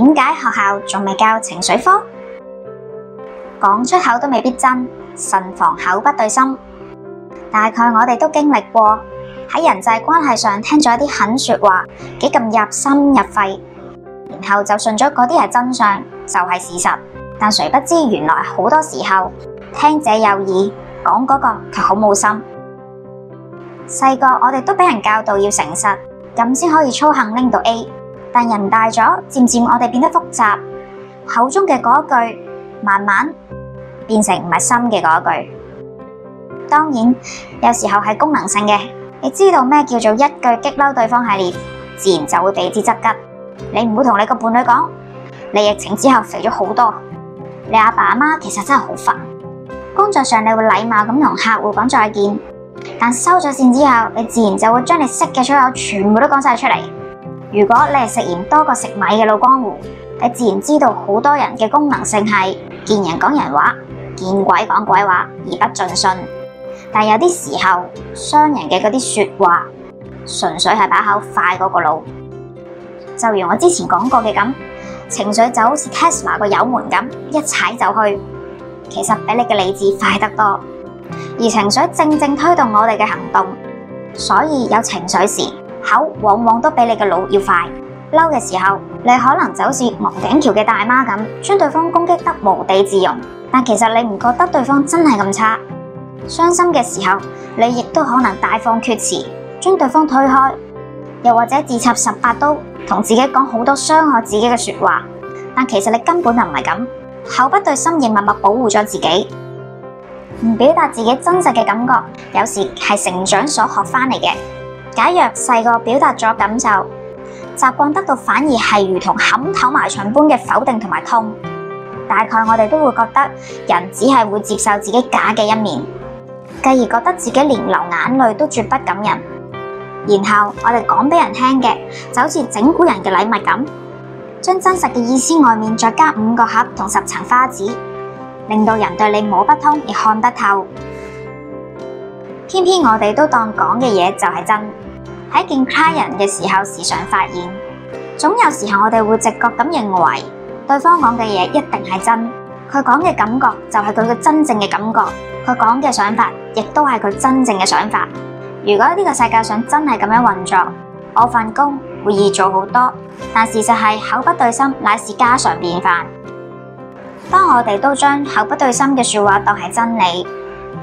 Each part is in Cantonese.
點解學校仲未教情緒科？講出口都未必真，慎防口不對心。大概我哋都經歷過喺人際關係上聽咗一啲狠說話，幾咁入心入肺，然後就信咗嗰啲係真相，就係事實。但誰不知原來好多時候聽者有意，講嗰個卻好冇心。細個我哋都俾人教導要誠實，咁先可以操行拎到 A。但人大咗，漸漸我哋變得複雜，口中嘅嗰句慢慢變成唔係心嘅嗰句。當然，有時候係功能性嘅，你知道咩叫做一句激嬲對方系列，自然就會避之則吉。你唔會同你個伴侶講，你疫情之後肥咗好多，你阿爸阿媽其實真係好煩。工作上你會禮貌咁同客戶講再見，但收咗線之後，你自然就會將你識嘅粗口全部都講晒出嚟。如果你係食鹽多過食米嘅老江湖，你自然知道好多人嘅功能性係見人講人話，見鬼講鬼話而不盡信。但有啲時候，商人嘅嗰啲說話，純粹係把口快過個腦。就如我之前講過嘅咁，情緒就好似 Tesla 個油門咁，一踩就去，其實比你嘅理智快得多。而情緒正正推動我哋嘅行動，所以有情緒時，口往往都比你嘅腦要快。嬲嘅時候，你可能就好似望景橋嘅大媽咁，將對方攻擊得無地自容。但其實你唔覺得對方真係咁差。傷心嘅時候，你亦都可能大放厥詞，將對方推開，又或者自插十八刀，同自己講好多傷害自己嘅說話。但其實你根本就唔係咁，口不對心，亦默默保護咗自己，唔表達自己真實嘅感覺。有時係成長所學翻嚟嘅。假若細個表達咗感受，習慣得到反而係如同撼頭埋牆般嘅否定同埋痛，大概我哋都會覺得人只係會接受自己假嘅一面，繼而覺得自己連流眼淚都絕不感人。然後我哋講俾人聽嘅，就好似整蠱人嘅禮物咁，將真實嘅意思外面再加五個盒同十層花紙，令到人對你摸不通亦看不透。偏偏我哋都當講嘅嘢，就係真，喺見他人嘅時候時常發現，總有時候我哋會直覺咁認為對方講嘅嘢一定係真，佢講嘅感覺就係佢嘅真正嘅感覺，佢講嘅想法亦都係佢真正嘅想法。如果呢個世界上真係咁樣運作，我份工會易做好多，但事實係口不對心，乃是家常便飯。當我哋都將口不對心嘅說話當係真理。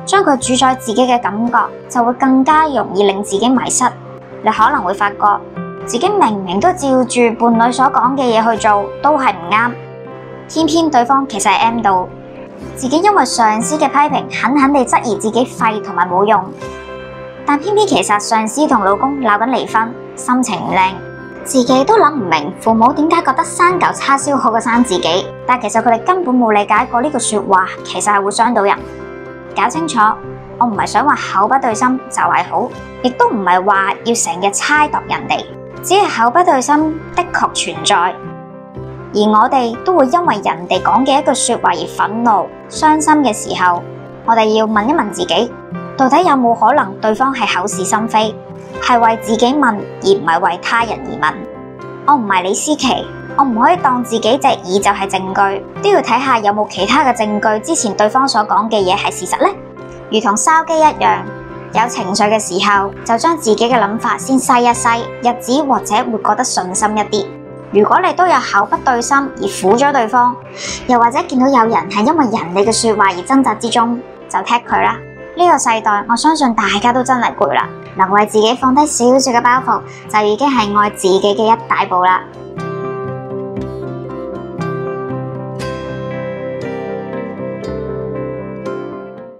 將佢主宰自己嘅感覺，就會更加容易令自己迷失。你可能會發覺自己明明都照住伴侶所講嘅嘢去做，都係唔啱。偏偏對方其實係 M 度，自己因為上司嘅批評，狠狠地質疑自己廢同埋冇用。但偏偏其實上司同老公鬧緊離婚，心情唔靚，自己都諗唔明父母點解覺得生嚿叉燒好過生自己，但其實佢哋根本冇理解過呢句說話，其實係會傷到人。搞清楚，我唔係想話口不對心就係好，亦都唔係話要成日猜度人哋，只係口不對心的確存在，而我哋都會因為人哋講嘅一句說話而憤怒、傷心嘅時候，我哋要問一問自己，到底有冇可能對方係口是心非，係為自己問，而唔係為他人而問？我唔係李思琪。我唔可以當自己隻耳就係證據，都要睇下有冇其他嘅證據，之前對方所講嘅嘢係事實呢，如同筲箕一樣，有情緒嘅時候就將自己嘅諗法先篩一篩，日子或者會覺得順心一啲。如果你都有口不對心而苦咗對方，又或者見到有人係因為人哋嘅說話而掙扎之中，就踢佢啦。呢個世代，我相信大家都真係攰啦，能為自己放低少少嘅包袱，就已經係愛自己嘅一大步啦。